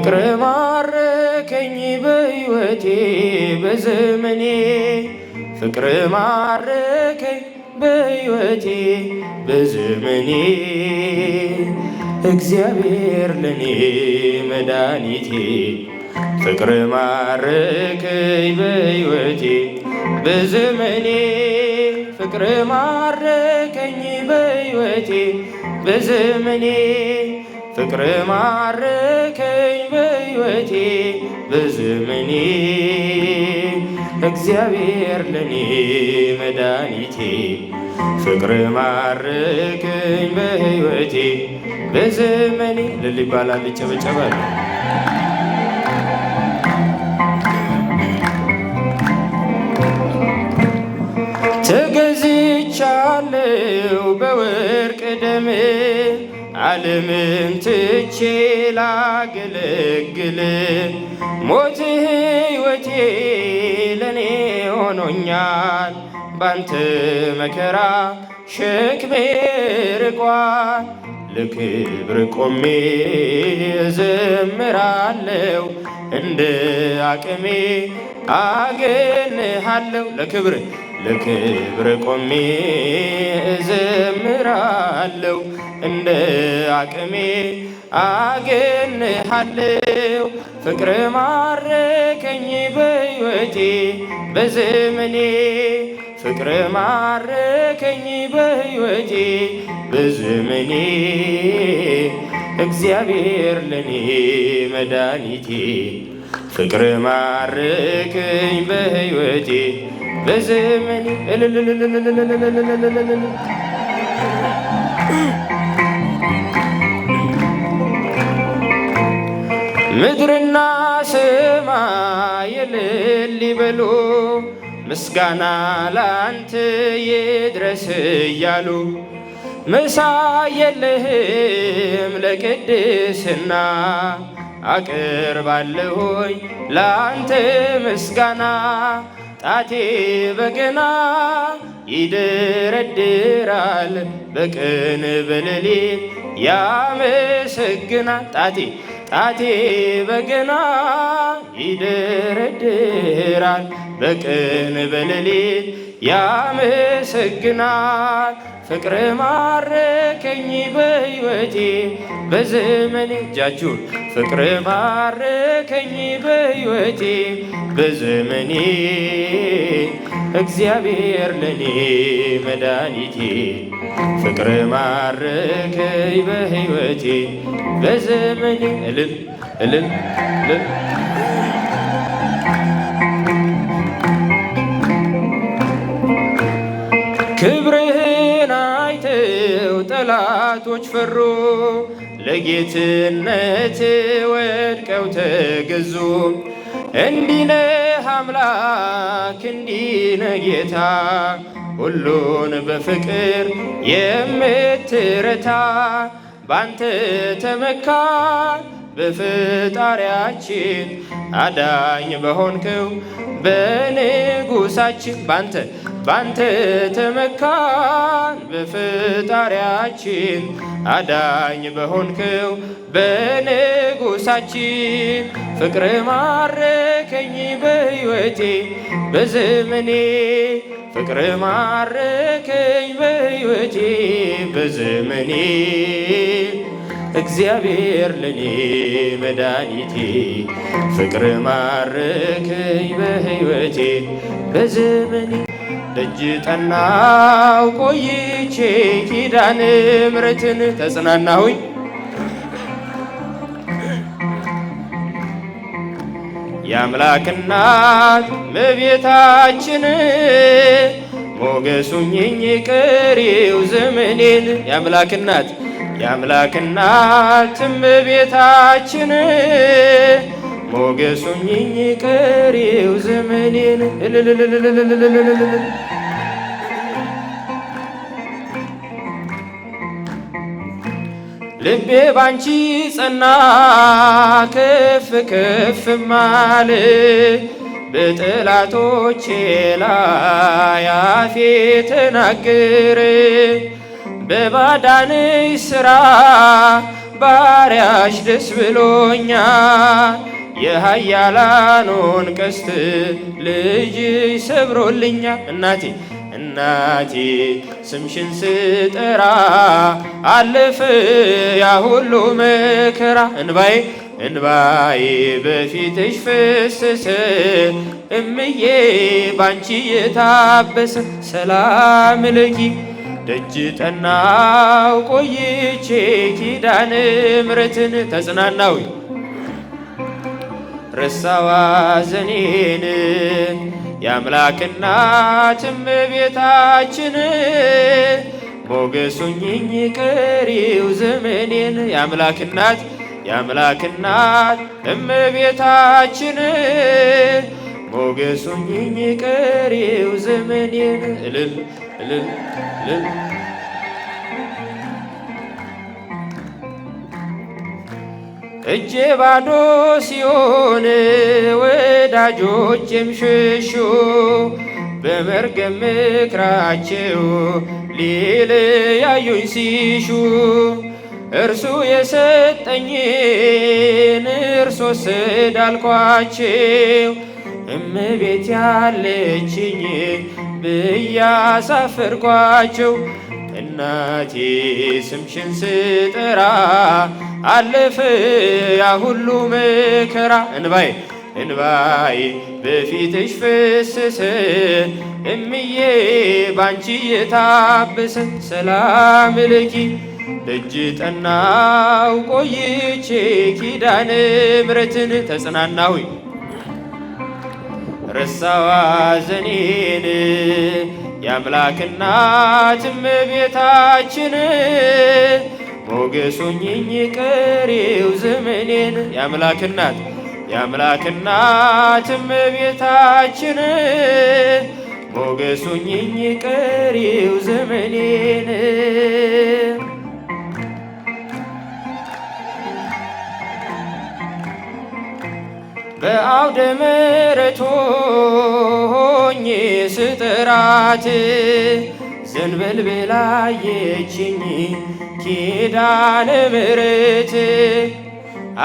ፍቅር ማረከኝ በሕይወቴ በዘመኔ ፍቅር ማረከኝ በሕይወቴ በዘመኔ እግዚአብሔር ለኔ መድኃኒቴ ፍቅር ማረከኝ በሕይወቴ በዘመኔ ፍቅር ማረከኝ በሕይወቴ በዘመኔ ፍቅር ማረከኝ በሕይወቴ በዘመኔ እግዚአብሔር ለኔ መድኃኒቴ ፍቅር ማረከኝ በሕይወቴ በዘመኔ ልል ይባላል ይጨበጨባል። ዓለምን ትቼ ላገለግል ሞት ሕይወቴ ለኔ ሆኖኛል። ባንተ መከራ ሸክሜ ርቋል። ለክብር ቆሜ እዘምራለሁ እንደ አቅሜ አገንሃለሁ ለክብር ለክብር ቆሜ እዘምራለሁ እንደ አቅሜ አገንሃለው ፍቅር ማረከኝ በሕይወቴ በዘመኔ ፍቅር ማረከኝ በሕይወቴ በዘመኔ እግዚአብሔር ለኔ መድኃኒቴ ፍቅር ማርክኝ በህይወቴ በዘመኔ ምድርና ሰማይ እልል ይበሉ ምስጋና ላንተ ይድረስ እያሉ ምሳሌ የለህም ለቅድስና አቅርባለሁኝ ለአንተ ምስጋና ጣቴ በገና ይደረድራል በቀን በሌሊት ያመሰግናል። ጣቴ ጣቴ በገና ይደረድራል በቀን በሌሊት ያመሰግናል። ፍቅር ማረከኝ በሕይወቴ በዘመኔ እጃችሁን ፍቅር ባረከኝ በሕይወቴ በዘመኔ እግዚአብሔር ለኔ መድኃኒቴ ፍቅር ማረከኝ በሕይወቴ በዘመኔ እልል እልል እልል ክብርህን አይተው ጠላቶች ፈሩ በጌትነት ወድቀው ተገዙ። እንዲነ አምላክ እንዲነ ጌታ ሁሉን በፍቅር የምትረታ ባንተ ተመካ በፍጣሪያችን አዳኝ በሆንከው በንጉሳችን ባንተ ባንተ ተመካን በፍጣሪያችን አዳኝ በሆንከው በንጉሳችን ፍቅር ማረከኝ በሕይወቴ በዘመኔ ፍቅር ማረከኝ በሕይወቴ በዘመኔ እግዚአብሔር ለኔ መድኃኒቴ ፍቅር ማርከኝ በሕይወቴ በዘመኔ ደጅ ጠናው ቆይቼ ኪዳነ ምሕረትን ተጽናናሁኝ የአምላክ እናት እመቤታችን ሞገሱኝኝ ቀሪው ዘመኔን የአምላክ እናት የአምላክናት ቤታችን ሞገሱኝኝ ቀሪው ዘመኔን ልቤ ባንቺ ጸና ከፍ ከፍ ማል በጠላቶቼ ላይ አፌ ተናገረ በማዳንሽ ሥራ ባሪያሽ ደስ ብሎኛል። የኃያላኑን ቀስት ልጅ ሰብሮልኛል። እናቴ እናቴ ስምሽን ስጠራ አለፈ ያ ሁሉ መከራ እንባዬ እንባዬ በፊትሽ ፈሰሰ እምዬ ባንቺ የታበሰ ሰላም ለኪ ደጅ ጠናው ቆይቼ ኪዳነ ምሕረትን ተጽናናዊ ረሳዋ ዘኔን የአምላክና ትምቤታችን ሞገሱኝኝ ቀሪው ዘመኔን የአምላክናት የአምላክናት እመቤታችን ሞገሱኝኝ ቀሪው ዘመኔን እልል እልል እልል እጄ ባዶ ሲሆን ወዳጆቼም ሸሹ በመርገም ምክራቸው ሊለያዩኝ ሲሹ እርሱ የሰጠኝን እርሶ ስድ እመቤት ያለችኝ ብያሳፈርኳቸው እናቴ ስምሽን ስጠራ አለፈ ያ ሁሉ መከራ እንባይ እንባይ በፊትሽ ፍስስ እምዬ ባንቺ የታበሰ ሰላም ልኪ ደጅ ጠናው ቆይቼ ኪዳነ ምሕረትን ተጽናናሁኝ ረሳዋ ዘኔን የአምላክና ትምቤታችን ሞገሱኝኝ ቀሪው ዘመኔን የአምላክናት የአምላክና ትምቤታችን ሞገሱኝኝ ቀሪው ዘመኔን በአውደመ ስጥራት ዘንበል ቤላ የችኝ ኪዳነ ምሕረት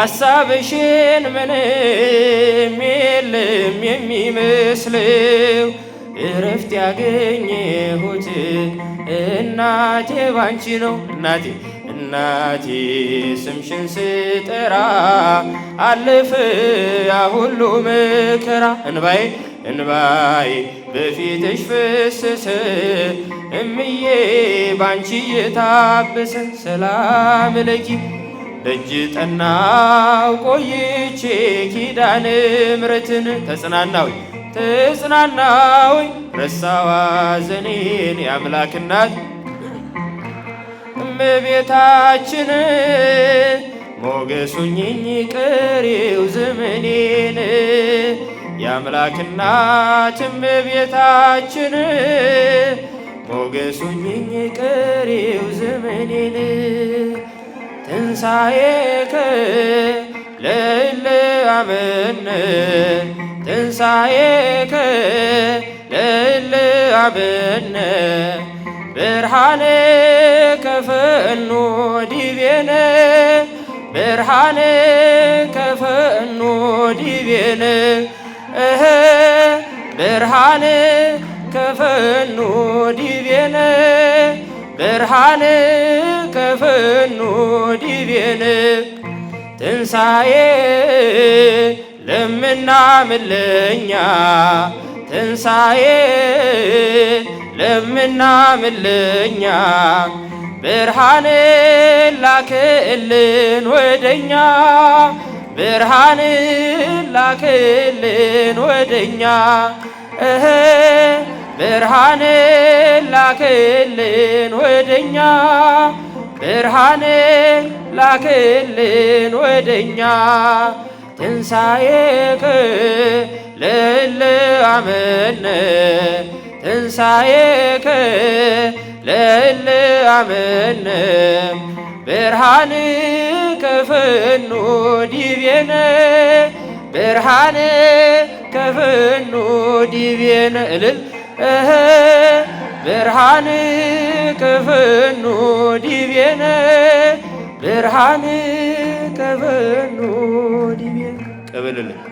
አሳብሽን ምንም የለም የሚመስለው እረፍት ያገኘሁት እናቴ ባንቺ ነው። እናቴ እናቴ ስምሽን ስጠራ አለፈ ያ ሁሉ መከራ እንባዬ እንባዬ በፊትሽ ፍስስ እምዬ ባንቺ የታበሰ ሰላም ለኪ ደጅ ጠናው ቆይቼ ኪዳነ ምሕረትን ተጽናናዊ ተጽናናዊ ረሳዋ ዘኔን የአምላክናት እመቤታችን ሞገሱኝኝ ቀሪው ዘመኔን የአምላክና ትምቤታችን ሞገሱኝኝ ቀሪው ዘመኔን ትንሣኤከ ለእለ አመነ ትንሣኤከ ለእለ አመነ ብርሃነ ከፈኖ ዲቤነ ብርሃነ ከፈኖ ዲቤነ ብርሃን ከፈኑ ዲቤነ ብርሃን ከፈኑ ዲቤነ ትንሣኤ ለምናምለኛ ትንሣኤ ለምናምለኛ ብርሃን ላክልን ወደኛ ብርሃን ላክልን ወደኛ እህ ላክልን ወደኛ ብርሃን ላክልን ወደኛ ትንሣኤከ ልል አመነ ትንሣኤከ ልል አመነ ብርሃን ከፈኖ ዲቤነ ብርሃን ከፈኖ ዲቤነ እልል ብርሃን ከፈኖ ዲቤነ ብርሃን ከፈኖ ዲቤነ ቅብልልን